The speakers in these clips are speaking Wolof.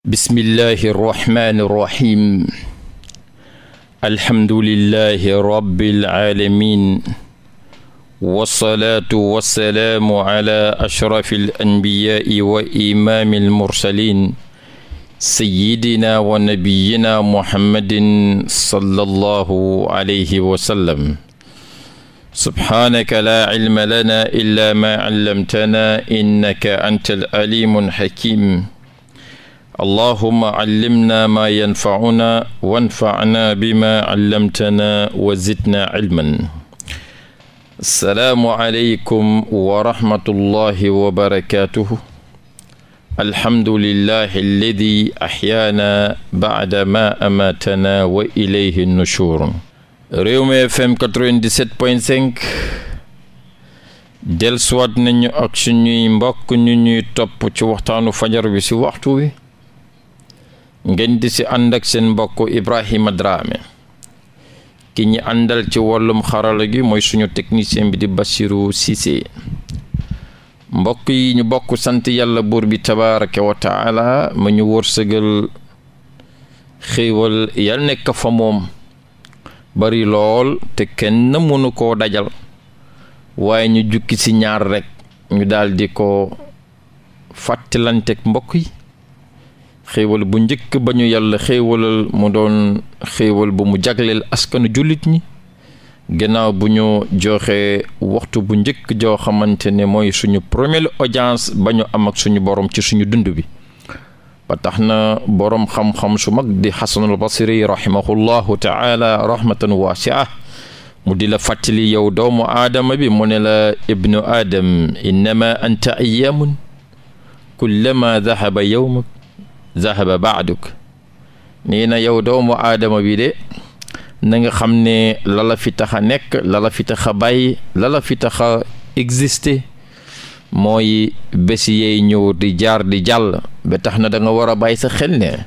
bismillahi irrahmani irrahim alhamdulilahi rabbil aalamin wassalaatu wassalaamu ala ashrafi al anbiyaai wa imaami almursalin sayidina wa nabiyina muhammadin sallallahu alayhi wa sallam subhaanaka laa cilma lana illa ma callamtana innaka anta al alimu alxakim allahuma callimna maa yanfacunaa wanfacnaa bimaa callamtanaa wa zidnaa cilman asalaamu aleykum wa rahmatullahi wa barakaatuhu alhamdulillahi alladi axyaanaa bacda maa amaatanaa wa ilayhi nushuur Rewmi FM 97.5 delsuwaat nañu ak suñuy mbokk ñu ñuy topp ci waxtaanu fajar bi ci waxtu wi ngeen di si ànd ak seen mbokk Ibrahima Dramé ki ñi àndal ci wàllum xarala gi mooy suñu technicien bi di Bassirou Cissé mbokk yi ñu bokk sant yàlla buur bi tabaraka wa taala ma ñu wërsëgal xéewal yal nekk fa moom bari lool te kenn mënu koo dajal waaye ñu jukki ci ñaar rekk ñu daldi ko fàttalante ak mbokk yi xéewal bu njëkk bañu ñu yàlla xéewalal mu doon xéewal bu mu jagleel askanu jullit ñi gannaaw bu ñu joxee waxtu bu njëkk joo xamante ne mooy suñu première audience ba ñu am ak suñu borom ci suñu dund bi ba tax na boroom xam-xam su mag di xasanul basri rahimahullahu taala rahmatan waasia mu di la fàttali yow doomu aadama bi mu ne la ibnu aadam innama anta ayaamun kullama dahaba yowmak zahaba baaduk nii na yow doomu aadama bi de nanga xam ne lala fi tax a nekk lala fi tax a bàyyi lala fi tax a exister mooy bés yeey ñëw di jaar di jàll ba tax na danga war a bàyyi sa xel ne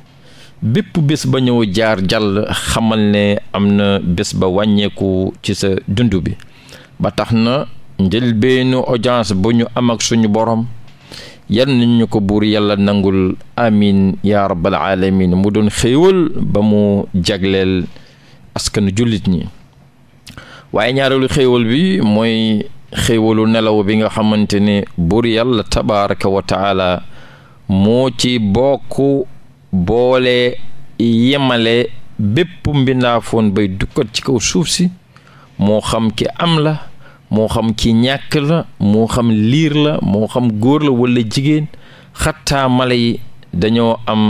bépp bés ba ñëw jaar jàll xamal ne am na bés ba wàññeeku ci sa dund bi ba tax na njëlbeenu audience bu ñu am ak suñu boroom yan nañu ko buur yàlla nangul amin ya rabbal alamin mu doon xéewal ba mu jagleel askanu jullit ñi waaye ñaareelu xéewal bi mooy xéewalu nelaw bi nga xamante ne buur yàlla tabaraka moo ci bokk boole yemale bépp mbindaafoon bay dukkat ci kaw suuf si moo xam ki am la moo xam ki ñàkk la moo xam liir la moo xam góor la walla jigéen xattaa mala yi dañoo am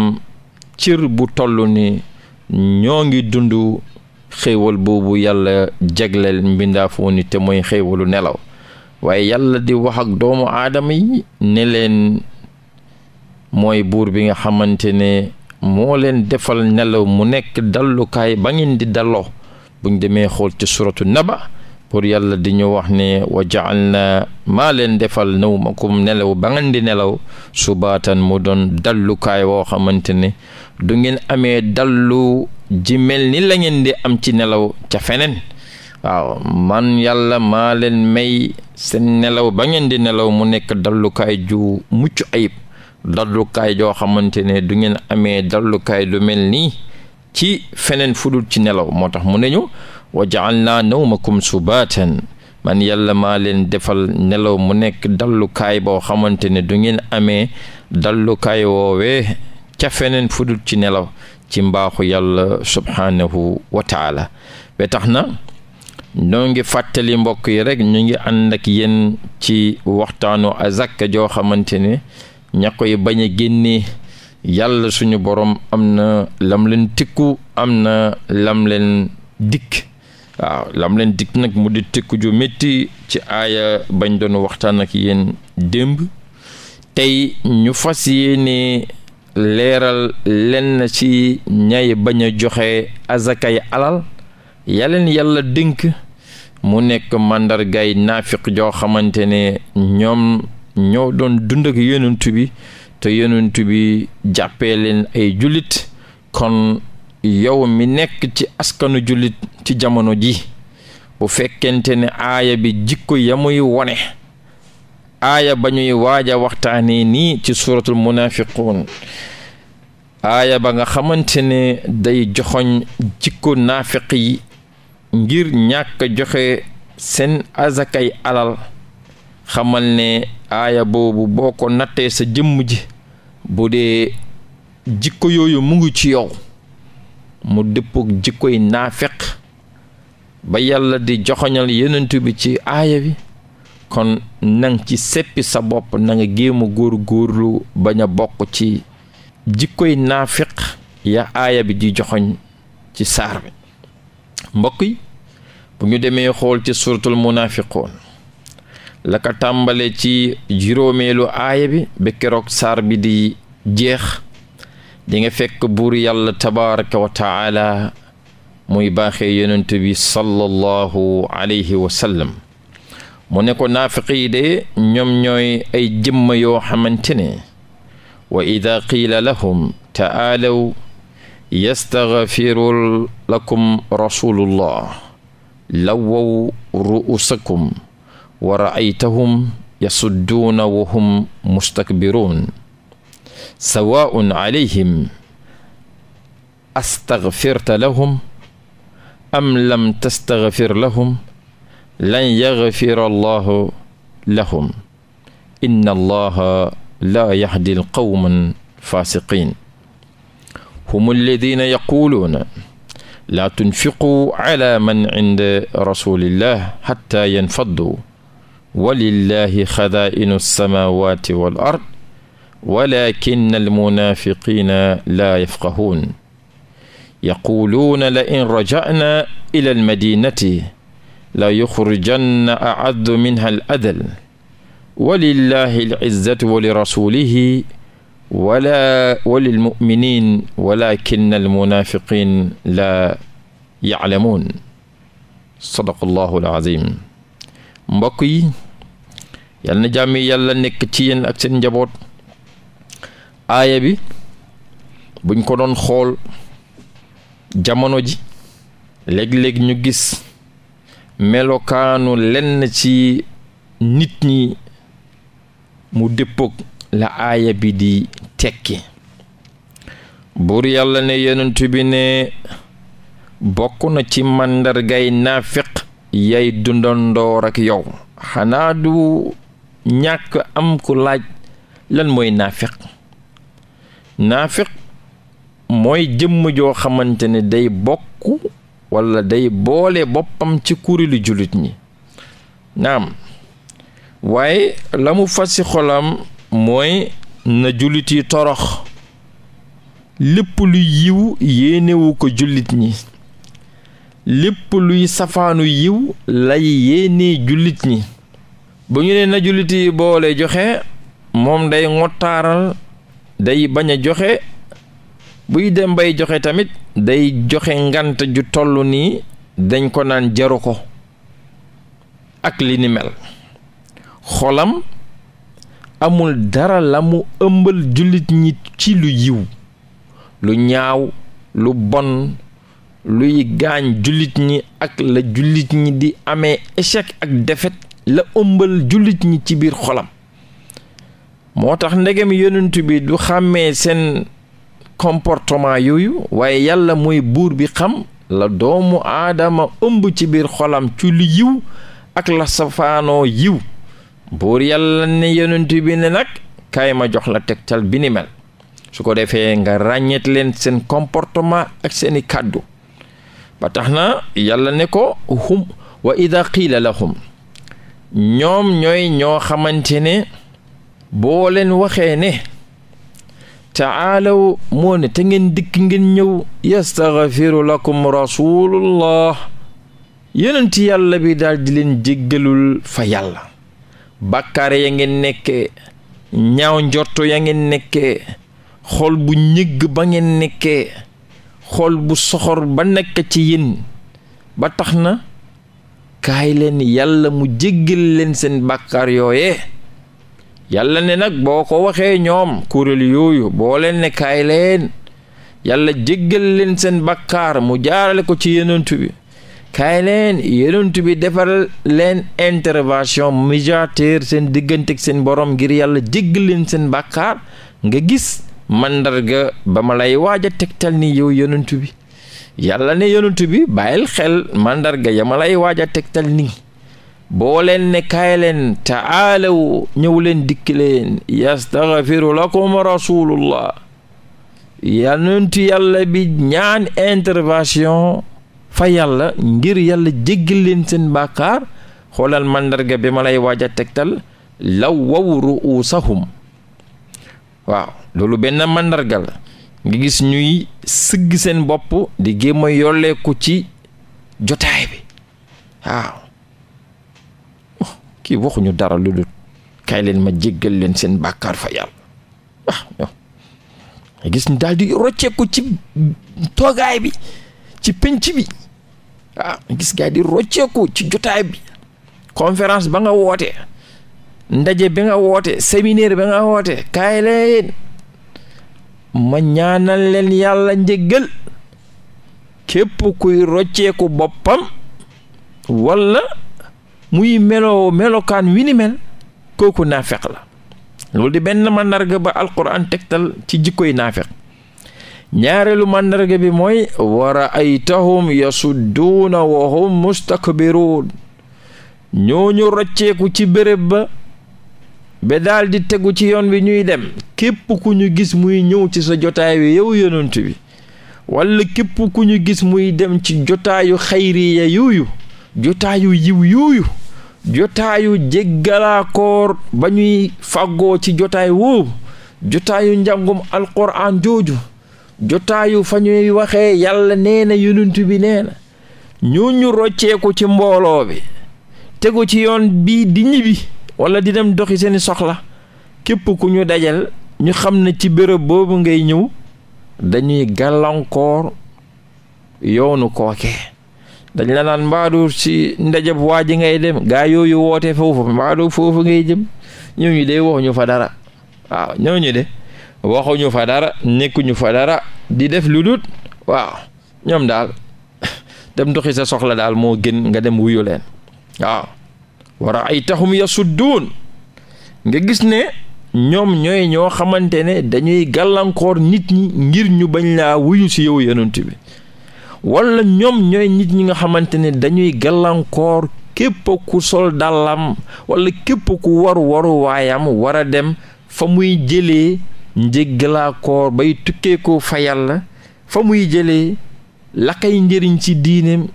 cër bu toll ni ñoo ngi dund xéewal boobu yàlla jagleel mbindaafoo ni te mooy xéewalu nelaw waaye yàlla di wax ak doomu aadama yi ne leen mooy buur bi nga xamante ne moo leen defal nelaw mu nekk dallukaay ba ngeen di dalloo buñ demee xool ci suratu naba pour yàlla di ñu wax ne wa jaalna maa leen defal nawmakum nelaw ba ngeen di nelaw subaatan mu doon dallukaay woo xamante ne du ngeen amee dallu ji mel ni la ngeen di am ci nelaw ca feneen waaw man yàlla maa leen may seen nelaw ba ngeen di nelaw mu nekk dallukaay ju mucc ayib dallukaay joo xamante ne du ngeen amee dallukaay lu mel nii ci feneen fudul ci nelaw moo tax mu ne ñu naa wajaalnaa nawmakum subaatan man yàlla maa leen defal nelaw mu nekk dallukaay boo xamante ne du ngeen amee dallukaay woowee ca feneen fudul ci nelaw ci mbaaxu yàlla subhaanahu wa taala tax na ñoo ngi fàttali mbokk yi rekk ñu ngi ànd ak ci waxtaanu azakka joo xamante ne ña koy bañ a génnee yàlla suñu borom am na lam leen tikku am na lam leen dikk waaw lam leen dikk nag mu di tëkku ju métti ci aaya bañ doon waxtaan ak yéen démb tey ñu fas yéene leeral lenn ci ñay bañ a joxe azakay alal yaleen yàlla dénk mu nekk màndargaay naafiq joo xamante ne ñoom ñoo doon dund ak bi te yonent bi jàppee leen ay jullit kon yow mi nekk ci askanu jullit ci jamono ji bu fekkente ne aaya bi jikko ya wone aaya ba ñuy waaj a waxtaanee nii ci suuratul munafiquun aaya ba nga xamante ne day joxoñ jikko naafiq yi ngir ñàkk joxe seen azakay alal xamal ne aaya boobu boo ko nattee sa jëmm ji bu dee jikko yooyu mu ngi ci yow mu dëppook jikkoy naafeq ba yàlla di joxoñal yenentu bi ci aaya bi kon nang ci seppi sa bopp na nga géema góor góorlu bañ a bokk ci jikkoy naafiq ya aaya bi di joxoñ ci saar bi mbokk yi bu ñu demee xool ci suratul munafiqoon la ko tàmbale ci juróomeelu aaya bi ba keroog saar bi di jeex di nga fekk buur yàlla tabaraka wa taala muy baaxee yonent bi sallallahu alayhi wa sallam mu ne ko naafiq yi de ñoom ñooy ay jëmma yoo xamante ne wa ida qiila lahum taalaw yastaghfiru lakum rasulullah lawaw ru'usakum wa ra'aytahum yasudduuna wa hum mustakbiruun sawaun alayhim astaghfirta lahum am lam tastaghfir lahum lan yaghfira allahu lahum inna allaha la yahdi alqawman fasiqin hum alladina yaquluuna laa tunfiquu ala man inda rasulillah xatta yanfaddu walillahi xadaa'inu alsamawati wal ard walakin almunafiqina la yafqahuun yaquluuna la in rajana ila almadinati la yuxrijanna aaddu minha al adal walillahi alizzatu wa lirasulihi wala walilmuminin walakin almunafiqin la yaclamuun sadaqallahu alazim mbokk yi yal na jàmm yàlla nekk ci yéen ak seen njaboot aaya bi buñ ko doon xool jamono ji léeg-léeg ñu gis melokaanu lenn ci nit ñi mu dëppoog la aaya bi di tekki buur yàlla ne yonent bi ne bokk na ci màndargay naafiq yay du dundandoor ak yow xanaa du ñàkk am ku laaj lan mooy naafiq naafiq mooy jëmm joo xamante ne day bokk walla day boole boppam ci kuréelu jullit ñi naam waaye la mu fas ci xolam mooy na jullit yi torox lépp luy yiw yéenewu ko jullit ñi lépp luy safaanu yiw lay yéenee jullit ñi bu ñu ne na jullit yi boole joxe moom day ngottaaral day bañ a joxe buy dem bay joxe tamit day joxe ngant ju toll nii dañ ko naan jaru ko ak li ni mel xolam amul dara la mu ëmbal jullit ñi ci lu yiw lu ñaaw lu bon luy gaañ jullit ñi ak la jullit ñi di amee échec ak defet la ëmbal jullit ñi ci biir xolam moo tax ndegem yonent bi du xàmmee seen comportement yooyu waaye yàlla muy buur bi xam la doomu aadama ëmb ci biir xolam ci lu yiw ak la safaanoo yiw buur yàlla ne yonent ne nag kaay ma jox la tegtal bi ni su ko defee nga ràññeet leen seen comportement ak seeni kàddu ba tax na yàlla ne ko hum wa ida qiila lahum ñoom ñooy ñoo xamante ne boo leen waxee ne tacaalaw moo ne te ngeen dikk ngeen ñëw yastaxfiru lakum rasulullah yonent yàlla bi daal leen jéggalul fa yàlla bàkkaar ya ngeen nekke ñaaw njorto ya ngeen nekke xool bu ñëgg ba ngeen nekke xool bu soxor ba nekk ci yéen ba tax na kaay leen yàlla mu jéggal leen seen bàkkaar yooye yàlla ne nag boo ko waxee ñoom kuréel yooyu boo leen ne kaay leen yàlla jéggal leen seen bakkaar mu jaarale ko ci yenentu bi kaay bi defal leen intervention médiateur seen diggantek seen borom ngir yàlla jéggal leen seen bakkaar nga gis mandarga ba ma lay waaj a tegtal ni yow yenentu bi yàlla ne yenentu bi bàyyil xel mandarga ya ma lay waaj a tegtal nii boo ne kaay leen taalaw ñëw leen dikki leen yastaghfiru lakum rasulullah yanunti yàlla bi ñaan intervention fa yàlla ngir yàlla jéggal leen seen bàkkaar xoolal màndarga bi malay lay waaj tegtal law waw saxum waaw loolu benn màndarga la nga gis ñuy sëgg seen bopp di gémma yolleeku ci jotaay bi waaw kii waxuñu dara lu dul kaay leen ma jéggal leen seen bàkkaar fa yàlla waaw ah, gis ñu di rocceeku ci toogaay bi ci penc bi ah gis gaa di rocceeku ci jotaay bi conférence ba nga woote ndaje bi nga woote séminaire bi nga woote kaay leen ma ñaanal leen yàlla njëggal képp kuy rocceeku boppam walla muy meloo melokaan wi ni mel kooku naafeq la loolu di benn màndarga ba alquran tegtal ci jikkoy naafeq ñaareelu màndarga bi mooy ay wa raaytahum yasudduuna wa hum mustakbiruun ñooñu rocceeku ci bërëb ba ba daldi tegu ci yoon wi ñuy dem képp ku ñu gis muy ñëw ci sa jotaay bi yow yonent bi walla képp ku ñu gis muy dem ci jotaayu xayriya yooyu jotaayu yiw yooyu jotaayu jéggalaakoor ba ñuy fàggoo ci jotaay woowu jotaayu njàngum alquraan jooju jotaayu fa ñuy waxee yàlla nee na yonent bi nee na ñooñu rocceeku ci mbooloo bi tegu ci yoon bii di ñibbi wala di dem doxi seeni soxla képp ku ñu dajal ñu xam ne ci bërëb boobu ngay ñëw dañuy gàllankoor yoonu kooke dañ la naan mbaadu si ndajab waa ji ngay dem gaa yooyu woote foofu mbaadu foofu ngay jëm ñooñu de waxuñu fa dara waaw ñooñu de waxuñu fa dara nekkuñu fa dara di def lu dut waaw ñoom daal dem doxi sa soxla daal moo gën nga dem wuyu leen waaw wara ay taxum yasudduun nga gis ne ñoom ñooy ñoo xamante ne dañuy gàllankoor nit ñi ngir ñu bañ laa wuyu si yow yonent bi wala ñoom ñooy nit ñi nga xamante ne dañuy gàllankoor képp ku sol dàllam képp ku war waru waayam war a dem fa muy jëlee njéggalaakoor bay tukkee ko fa yàlla fa muy jëlee la kay njëriñ ci diineem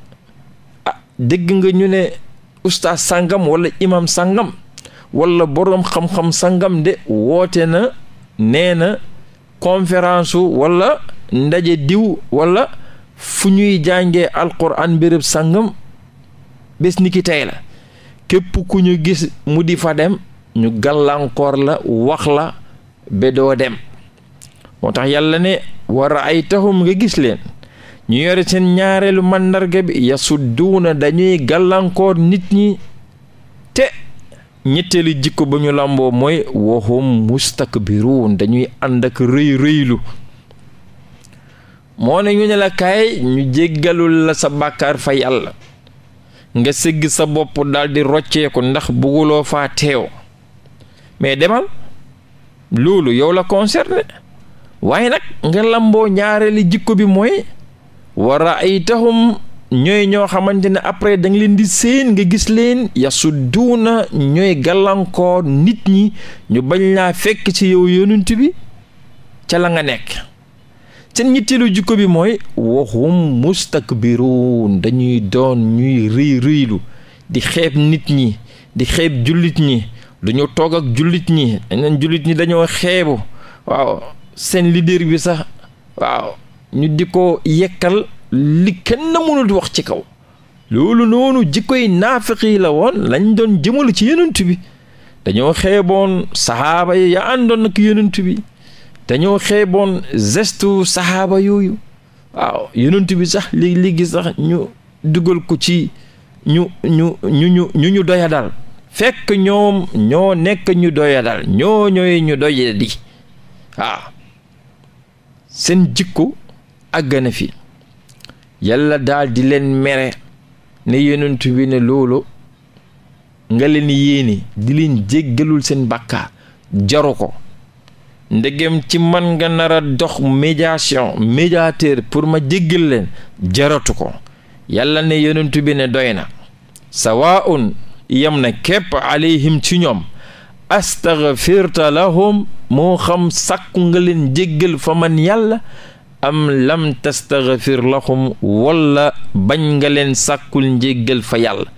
ah dégg nga ñu ne ustaas sangam wala imam sangam wala borom xam-xam sàngam de woote na nee na conférence walla ndaje diw wala fu ñuy jàngee alquran béréb sàngam bés ni ki tey la képp ku ñu gis mu di fa dem ñu gàllankoor la wax la ba dem moo tax yàlla ne war ay taxum nga gis leen ñu yore seen ñaareelu màndarga bi yasudduuna dañuy gàllankoor nit ñi te ñetteelu jikko ba ñu làmboo mooy wahum mustakbiruun dañuy ànd ak rëy rëylu moo ne ñu ne la kaay ñu jéggalul la sa bàkkaar fa yàlla nga sëgg sa bopp dal di rocceeku ndax bugguloo faa teew mais demal loolu yow la concerné waaye nag nga làmboo ñaareeli jikko bi mooy wara ay taxum ñooy ñoo xamante ne après da leen di séen nga gis leen yasu duuna ñooy gàllankoor nit ñi ñu bañ laa fekk ci yow yonent bi ca la nga nekk seen ñetteelu jikko bi mooy waxum mustakbiruun dañuy doon ñuy rëy di xeeb nit ñi di xeeb jullit ñi dañoo toog ak jullit ñi dañ jullit ñi dañoo xeebu waaw seen leader bi sax waaw ñu di ko yekkal li kenn mënul wax ci kaw loolu noonu jikkoy naafiq yi la woon lañ doon jëmal ci yenant bi dañoo xeeboon sahaaba yi ya àndoon ak yenant bi dañoo xeeboon gestu saxaaba yooyu waaw yonent bi sax léegi léegi sax ñu dugal ko ci ñu ñu ñu ñu doya dal fekk ñoom ñoo nekk ñu doyadal ñoo ñooy ñu doya di waaw seen jikko àgg fi yàlla daal di leen mere ne yonent bi ne loolu nga leen yéene di leen jéggalul seen bàkkaar jaru ko ndegem ci man nga nara dox médiation médiateur pour ma jéggal leen jaratu ko yàlla ne yonentu bi ne doy na sawaun yam na képp alayhim ci ñoom astaghfirta lahum moo xam sàkku nga leen jéggal fa man yàlla am lam tastaghfir lahum wala bañ nga leen sakkul njéggal fa yàlla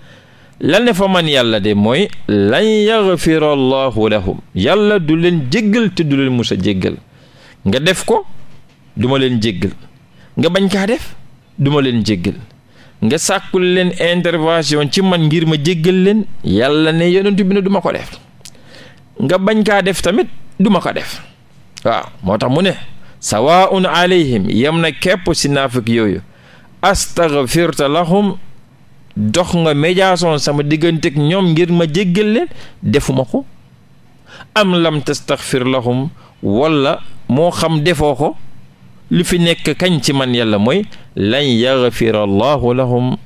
lan ne fa man yàlla de mooy lan yaxfira allahu lahum yàlla du leen jéggal te du leen musa jéggal nga def ko duma leen jéggal nga bañ kaa def duma leen jéggal nga sàkkul leen intervention ci man ngir ma jéggal leen yàlla ne yonentu bi ne duma ko def nga bañ kaa def tamit duma ko def waaw moo tax mu ne sawaun alayhim yem na képp si naafik yooyu astaghfirta lahum dox nga médiation sama digganteeg ñoom ngir ma jéggal defuma ko am lam tastaxfir lahum wala moo xam defoo ko li fi nekk kañ ci man yàlla mooy lan yaxfira allahu lahum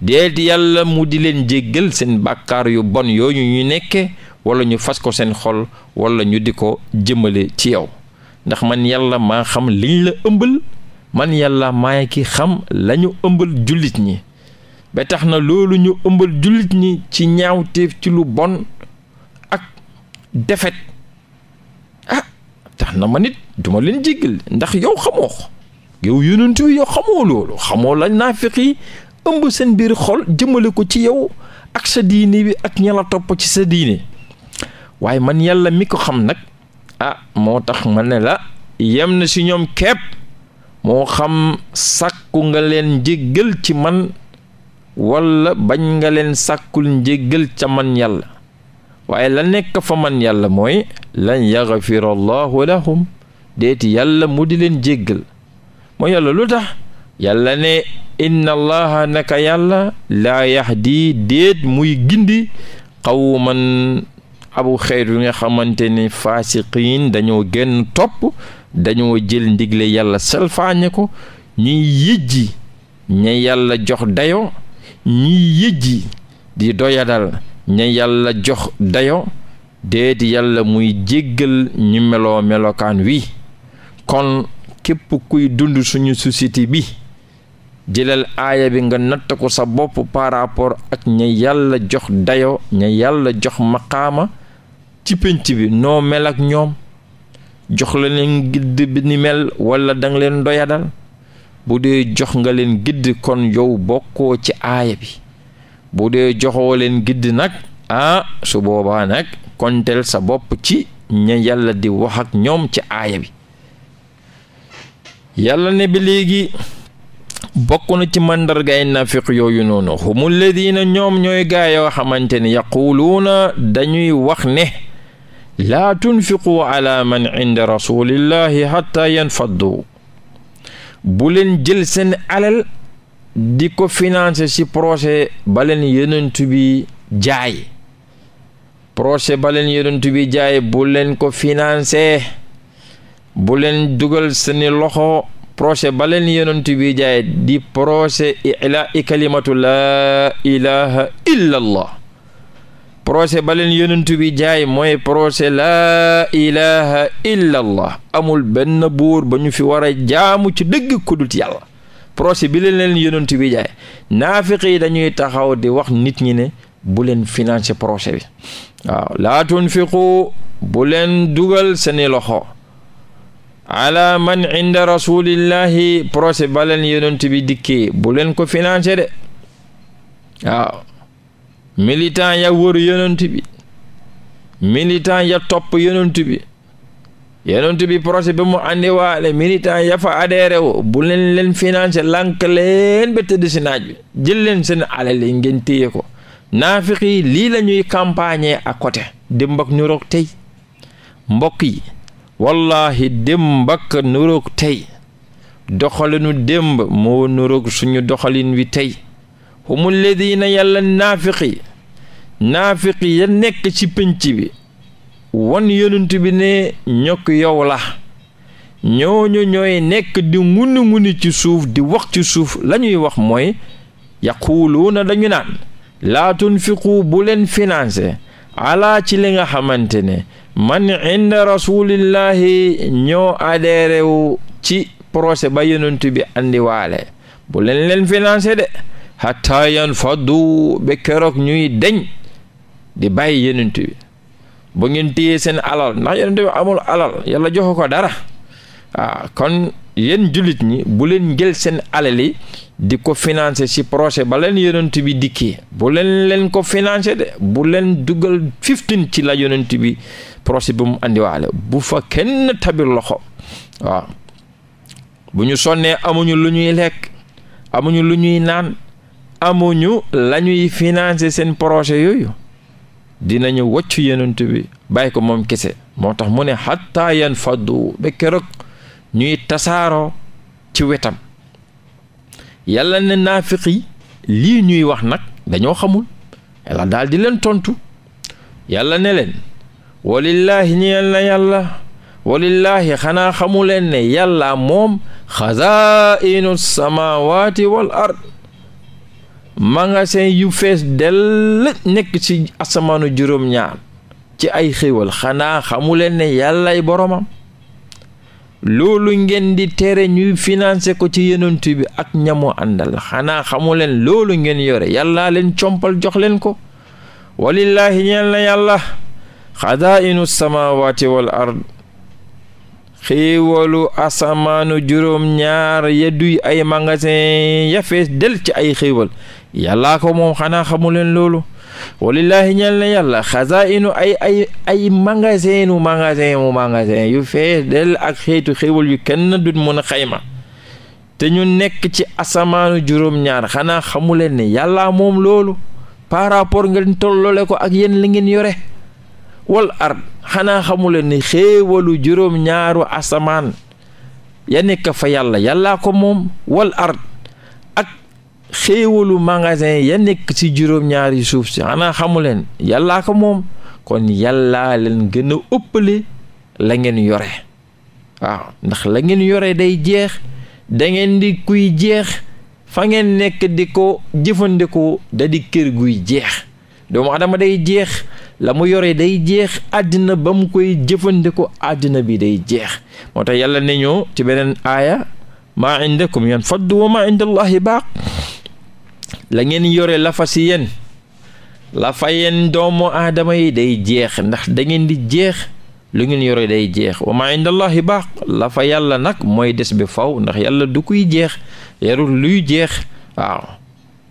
deet yàlla mu di leen jéggal seen bàkkaar yu bon yooyu ñu nekke wala ñu fas ko seen xol wala ñu di ko jëmale ci yow ndax man yàlla maa xam liñ la ëmbal man yàlla maa ki xam lañu ëmbal jullit ñi ba tax na loolu ñu ëmbal jullit ñi ci ñaawteef ci lu bon ak defet ah tax na ma nit duma leen jéggal ndax yow xamoo ko yow yonent yow xamoo loolu xamoo la naafiq ëmb seen biir xol jëmale ko ci yow ak sa diine bi ak ñala topp ci sa diine waaye man yàlla mi ko xam nag ah moo tax ma ne la yem na si ñoom kepp moo xam sàkku nga leen jéggal ci man walla bañ nga leen sakkul njéggal ca man yàlla waaye la nekk fa man yàlla mooy lan yaxafira allahu lahum déeti yàlla mu di leen jéggal mooy yàlla lu tax yàlla ne inna allaha naka yàlla laa di déet muy gindi xawman abu xeet wi nga xamante ni faasiqiin dañoo génn topp dañoo jël ndigle yàlla salfaañe ko ñuy yëjji ña yàlla jox dayo ñiy yëjji di doyadal ña yàlla jox dayo déeti yàlla muy jéggal ñu meloo melokaan wi kon képp kuy dund suñu société bi jëlal aaya bi nga natt ko sa bopp par rapport ak ña yàlla jox dayo ña yàlla jox maqaama ci pénc bi noo mel ak ñoom jox la leen gidd bi ni mel wala danga leen doyadal bu dee jox nga leen gidd kon yow bokkoo ci aaya bi bu dee joxoo leen gidd nag ah su boobaa nag konteel sa bopp ci ña yàlla di wax ak ñoom ci aaya bi yàlla ne bi léegi bokk na ci màndargaay nafiq yooyu noonu humul ladina ñoom ñooy gaa yoo xamante ne yaquluuna dañuy wax ne laa tunfiqu ala man inda rasulillahi hatta yanfaddu bu leen jël seen alal di ko financer si projet ba leen bi jaay projet ba leen bi jaay bu leen ko financer bu leen dugal seeni loxo projet ba leen yonent bi jaay di projet ila i kalimatu laa ilaha illa allah procès baleen leen yonent bi jaay mooy procès laa ilaha illa amul benn buur ba ñu fi war jaamu ci dëgg ku dut yàlla procès bi leen leen yonent bi jaay naafiq yi dañuy taxaw di wax nit ñi ne bu leen financer procès bi waaw laa tunfiqu bu dugal seeni loxo ala man inda rasulillahi procès ba leen yonent bi dikkee bu leen ko finance de waaw militant ya wër yonent bi militant ya topp yonent bi yonent bi projet bi mu andi waale militant ya fa adhéré wo bu leen leen financé lànk leen ba tëdd bi jël leen seen alal yi ngeen téye ko naafiq yi lii la ñuy campagne à côté démb ak nuroog tey mbokk yi wallahi démb ak nuroog tey doxalinu démb moo nuroog suñu doxalin wi tey humul ladina yàlla naafiqi naafiqi ya nekk ci pénc bi wan yonent bi ne ñokk yow la ñooñu ñooy nekk di nguni nguni ci suuf di wax ci suuf lañuy ñuy wax mooy yaquluuna dañu naan laa tunfiqu bu leen financé alaa ci li nga xamante ne man inda rasulillahi ñoo adhéré wu ci procès ba yonent bi andiwaale bu leen leen financé de hatta du ba keroog ñuy deñ di bàyyi yenent bi bu ngeen téyee seen alal ndax yenent bi amul alal yàlla jox ko dara ah kon yéen jullit ñi bu leen jël seen alal di ko financer si projet ba leen yonent bi dikkee bu leen leen ko financer de bu leen dugal fifteen ci la yonent bi projet bi mu andiwaale bu fa kenn tabir loxo waaw bu ñu sonnee amuñu lu ñuy lekk amuñu lu ñuy naan amuñu la ñuy financer seen projet yooyu dinañu wocc yenent bi bàyyi ko moom kese moo tax mu ne xataa yan faddu ba keroog ñuy tasaaroo ci wetam yàlla ne naafiq yi lii ñuy wax nag dañoo xamul yàlla daal leen tontu yàlla ne leen walillaahi ñeel na yàlla walillaahi xanaa xamuleen ne yàlla moom xazaa'inu samaawaati wal ard magasin yu fees dell nekk ci asamaanu juróom-ñaar ci ay xéwal xanaa xamuleen ne yàllaay boromam loolu ngeen di tere ñuy financé ko ci yonent bi ak ñamu àndal xanaa xamuleen loolu ngeen yore yàllaa leen compal jox leen ko walillaahi ñeel na yàlla xadaa'inu samaawaati wal ard xéewalu asamaanu juróom ñaar yedduy ay magasin ya fees del ci ay xéewal yàllaa ko moom xanaa xamu leen loolu walillaahi ñal na yàlla xazainu ay ay ay magasin u magasin mu magasin yu fee dell ak xeetu xéwal yu kenn du mën a xayma te ñu nekk ci asamaanu juróom-ñaar xanaa xamu leen ne yàllaa moom loolu par rapport ngeen tolloole ko ak yéen li ngeen yore wal ard xanaa xamu leen ne xéewalu juróom asamaan ya nekk fa yàlla yàllaa ko moom wal ard xéewalu magasin ya nekk ci juróom-ñaari suuf si xanaa xamu leen yàllaa ko moom kon yàllaa leen gën a ëppale la ngeen yore waaw ndax la ngeen yore day jeex da ngeen di kuy jeex fa ngeen nekk di ko jëfandikoo da di kër guy jeex doomu adama day jeex la mu yore day jeex àddina ba mu koy jëfandikoo àddina bi day jeex moo tax yàlla ne ñoo ci beneen aaya maa indakum yan faddu wa maa indallahi baaq la ngeen yore la fa lafa yéen doomu aadama yi day jeex ndax dangeen di jeex lu ngeen yore day jeex wa ma indallahi baax la yàlla nag mooy des bi faw ndax yàlla du koy jeex yarul luy jeex waaw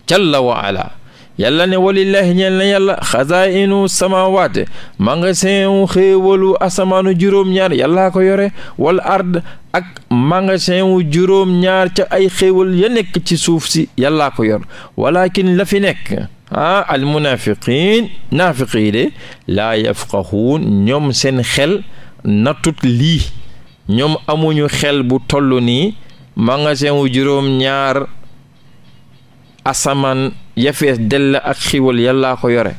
jalla wa ala yàlla ne walillaahi ñeel na yàlla xazaa'inu samaawaate magasin wu xéewalu asamaanu juróom-ñaar yàllaa ko yore wal ard ak magasin wu juróom-ñaar ca ay xéewal ya nekk ci suuf si yàllaa ko yor walakin la fi nekk ah al munaafiqiin de laa yafqahuun ñoom seen xel natut lii ñoom amuñu xel bu tollu nii magasin wu juróom-ñaar asamaan yafees dell ak xiiwal yàllaa ko yore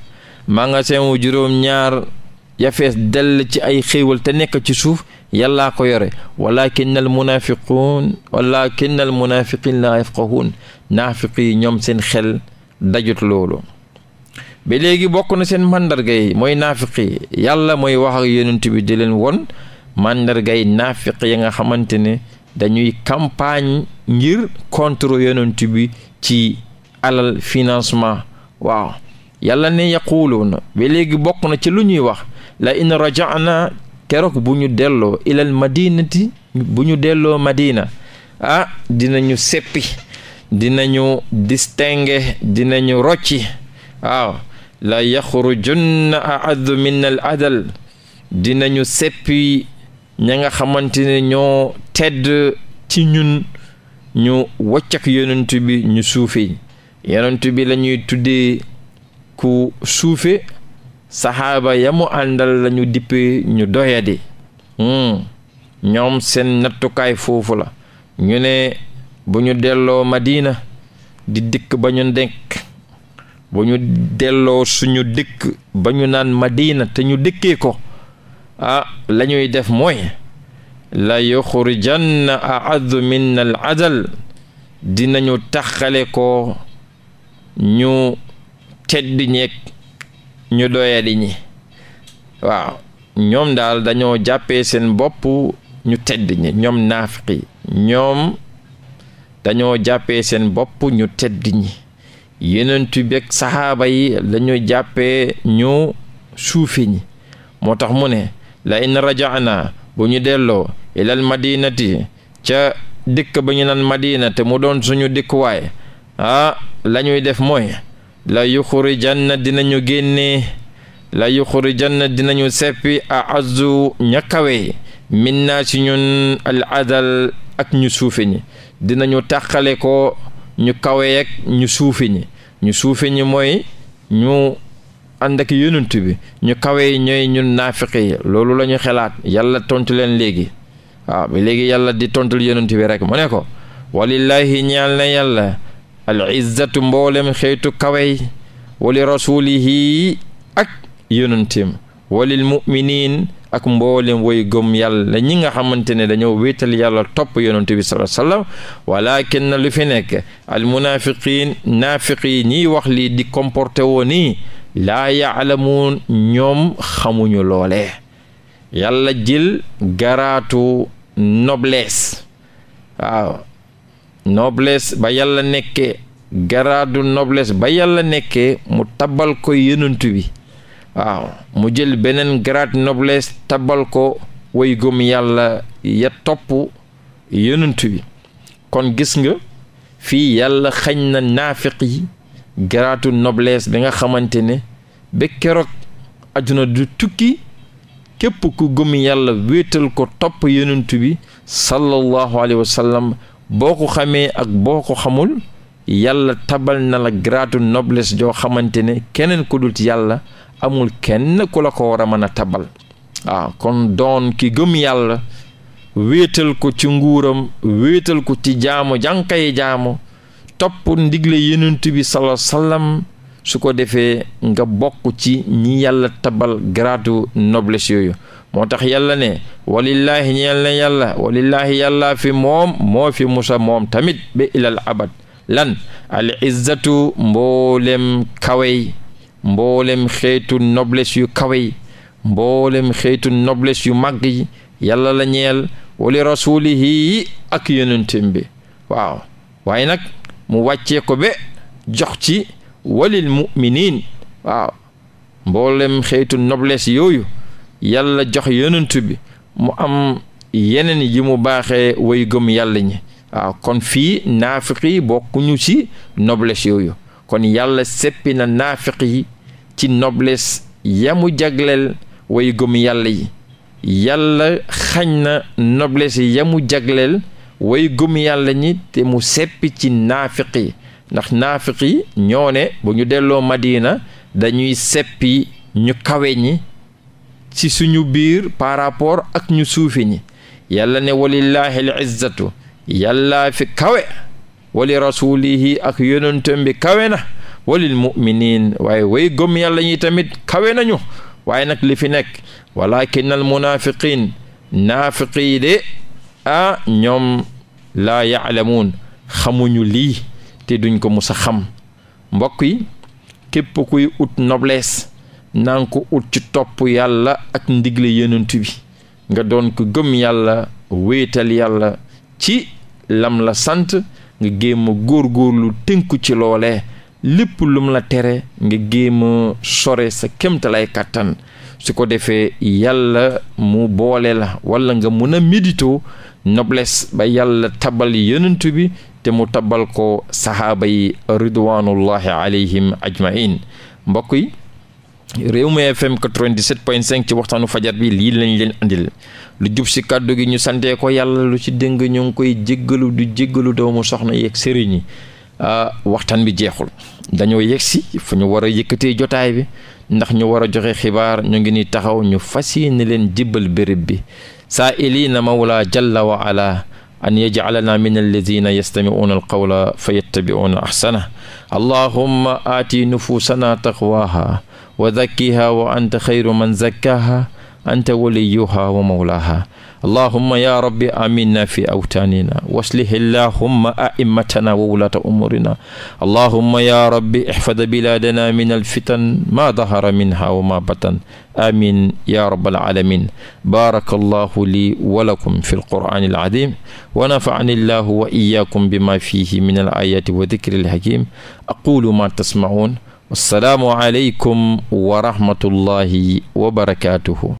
magasin wu juróom-ñaar yafees dell ci ay xiiwal te nekk ci suuf yàllaa ko yore walla al munafiquun walakin al munafiqin la yafqahuun naafiq yi ñoom seen xel dajut loolu ba léegi bokk na seen màndarga yi mooy naafiq yi yàlla mooy wax ak yonent di leen won màndarga yi naafiq yi nga xamante ne dañuy campagne ngir contre yonent ci alal financement waaw yàlla ne yaquluuna ba léegi bokk na ci lu ñuy wax la in rajana keroog bu ñu delloo ilal madinati bu ñu delloo madina ah dinañu seppi dinañu distinguer dinañu rocci waaw la yaxrujunna aadu min al adal dinañu seppi ña nga xamante ne ñoo tedd ci ñun ñu wàccak yonent bi ñu suufi yonent bi la ñuy ku suufe saxaaba ya mu àndal la ñu dippe ñu doyadi hmm. ñoom seen nattukaay foofu la ñu ne bu ñu delloo madiina di dikk ba ñu nekk bu ñu delloo suñu dëkk ba ñu naan madiina te ñu dëkkee ko ah lañuy def mooy la yuxurijanna ahadu min al adal dinañu taxale ko ñu tedd ñeeg ñu doyadi ñi waaw ñoom daal dañoo jàppee seen bopp ñu tedd ñi ñoom naafiqi ñoom dañoo jàppee seen bopp ñu tedd ñi yenentu beeg saxaaba yi lañu jàppee ñu suufi ñi moo tax mu ne la in rajaana bu ñu delloo ilal madinati ca dëkk ba ñu naan madina te mu doon suñu dëkkuwaay ah lañuy def mooy la yuxurijanna dinañu génne la yuxurijanna dinañu seppi aazzu ña kawe min naa ci ñun al adal ak ñu suufe ñi dinañu tàqale ko ñu kawe ñu suufi ñi ñu suufe ñi mooy ñu ànd ak bi ñu kawe ñooy ñun naafiq yi loolu la ñu xalaat yàlla tontu leen léegi waaw bi léegi yàlla di tontul yonent bi rek mu ne ko walillahi ñaal na yàlla al izzatu mboolem xeetu kawey wali rasulihi ak yonanteem walil muminin ak mboolem woy gëm yàlla ñi nga xamante ne dañoo wéetal yàlla topp yonante bi sallallahu alayhi wasallam walakin na fi nekk al munafiqin wax lii di comporté woo nii laa yaalamuun ñoom xamuñu loole yàlla jil garaatu noblesse waaw noblesse ba yàlla nekkee garaadu noblees ba yàlla nekkee mu tabal ko yenantu bi waaw mu jël beneen grade noblesse tabal ko way gëm yàlla ya topp yenantu bi kon gis nga fii yàlla xañ na naafiq yi garaatu noblees bi nga xamante ne ba keroog àdduna du tukki képp ku gëm yàlla wéetal ko topp yenantu bi sallallahu alayhi wa boo ko xamee ak boo ko xamul yàlla tabal na la graatu nobles joo xamante ne keneen ku dul ci yàlla amul kenn ku la ko war a mën a tabal waaw ah, kon doon ki gëm yàlla wéetal ko ci nguuram wéetal ko ci jaamo jànkayi jaamu topp ndigle yenent bi sallallahu alayhi su ko defee nga bokk ci ñi yàlla tabal gratu noblesse yooyu moo tax yàlla ne walillaahi ñeel na yàlla walillaahi yàlla fi moom moo fi musa moom tamit ba ilal abad lan al izzatu mboolem kawey mboolem xeetu nobles yu kawey mboolem xeetu nobles yu màgg yi yàlla la ñeel wali rasulihi ak yonentam bi waaw waaye nag mu wàccee ko ba jox ci walil muminin waaw mboolem xeetu nobles yooyu yàlla jox yonent bi mu am yeneen yi mu baaxee way gëm yàlla ñi waaw kon fii naafiq yi bokkuñu ci noblesse yooyu kon yàlla seppi na naafiq yi ci noblesse yamu jagleel way gëm yàlla yi yàlla xañ na noblesse yamu jagleel way gëm yàlla ñi te mu seppi ci naafiq yi ndax naafik yi ñoo ne bu ñu delloo Madina dañuy seppi ñu kawe ñi ci suñu biir par ak ñu suufi ñi yàlla ne walillahi al izzatu yàlla fi kawe wali rasulihi ak yonentam bi kawe na walil muminin waaye way gëm yàlla ñi tamit kawe nañu waaye nag li fi nekk walakin al munafiqin naafiqi yi de ah ñoom laa yaalamuun xamuñu lii te duñ ko mus a xam mbokk yi képp kuy ut noblesse na nga ut topp yàlla ak ndigle yenentu bi nga doon ko gëm yàlla wéetal yàlla ci lam la sant nga géem a góorgóorlu tënku ci loole lépp lum la tere nga géem sore sa kémtalay kàttan su ko defee yàlla mu boole la walla nga mun a médito noblesse ba yàlla tabal yenentu bi te mu tabal ko sahaaba yi ridwanullahi alayhim ajmain mbokk yi réew mi fm 97.5 ci waxtaanu fajar bi lii lañ leen andil lu jub si kàddu gi ñu santee ko yàlla lu ci dëng ñu ngi koy jéggalu du jéggalu doomu soxna yeeg sëriñ yi ah, waxtaan bi jeexul dañoo yegg si fu ñu war a yëkkatee jotaay bi ndax ñu war a joxe xibaar ñu ngi ni taxaw ñu fas yéene leen jibbal béréb bi saa na mawla jalla wa ala an yajcalana min alladina yastamicuuna alqawla fa yattabicuuna axsana allahumma aati nufuusanaa taqwaaha wa zakkiha wa anta xayru man zakkaha anta waliyuha wa mawlaha allahumma ya rabbi aminna fi awtaanina waslih allahumma aimmatana wa wulata umurina allahumma ya rabbi ihfad biladana min alfitan ma dahara minha wa ma batan amin ya rabbal alamin baraka allahu li wa lakum fi alqur'ani alazim wa nafa'ani allahu wa iyyakum bima fihi min alayati wa dhikri alhakim aqulu ma tasma'un assalaamu aleykum wa rahmatullahi wa barakaatuhu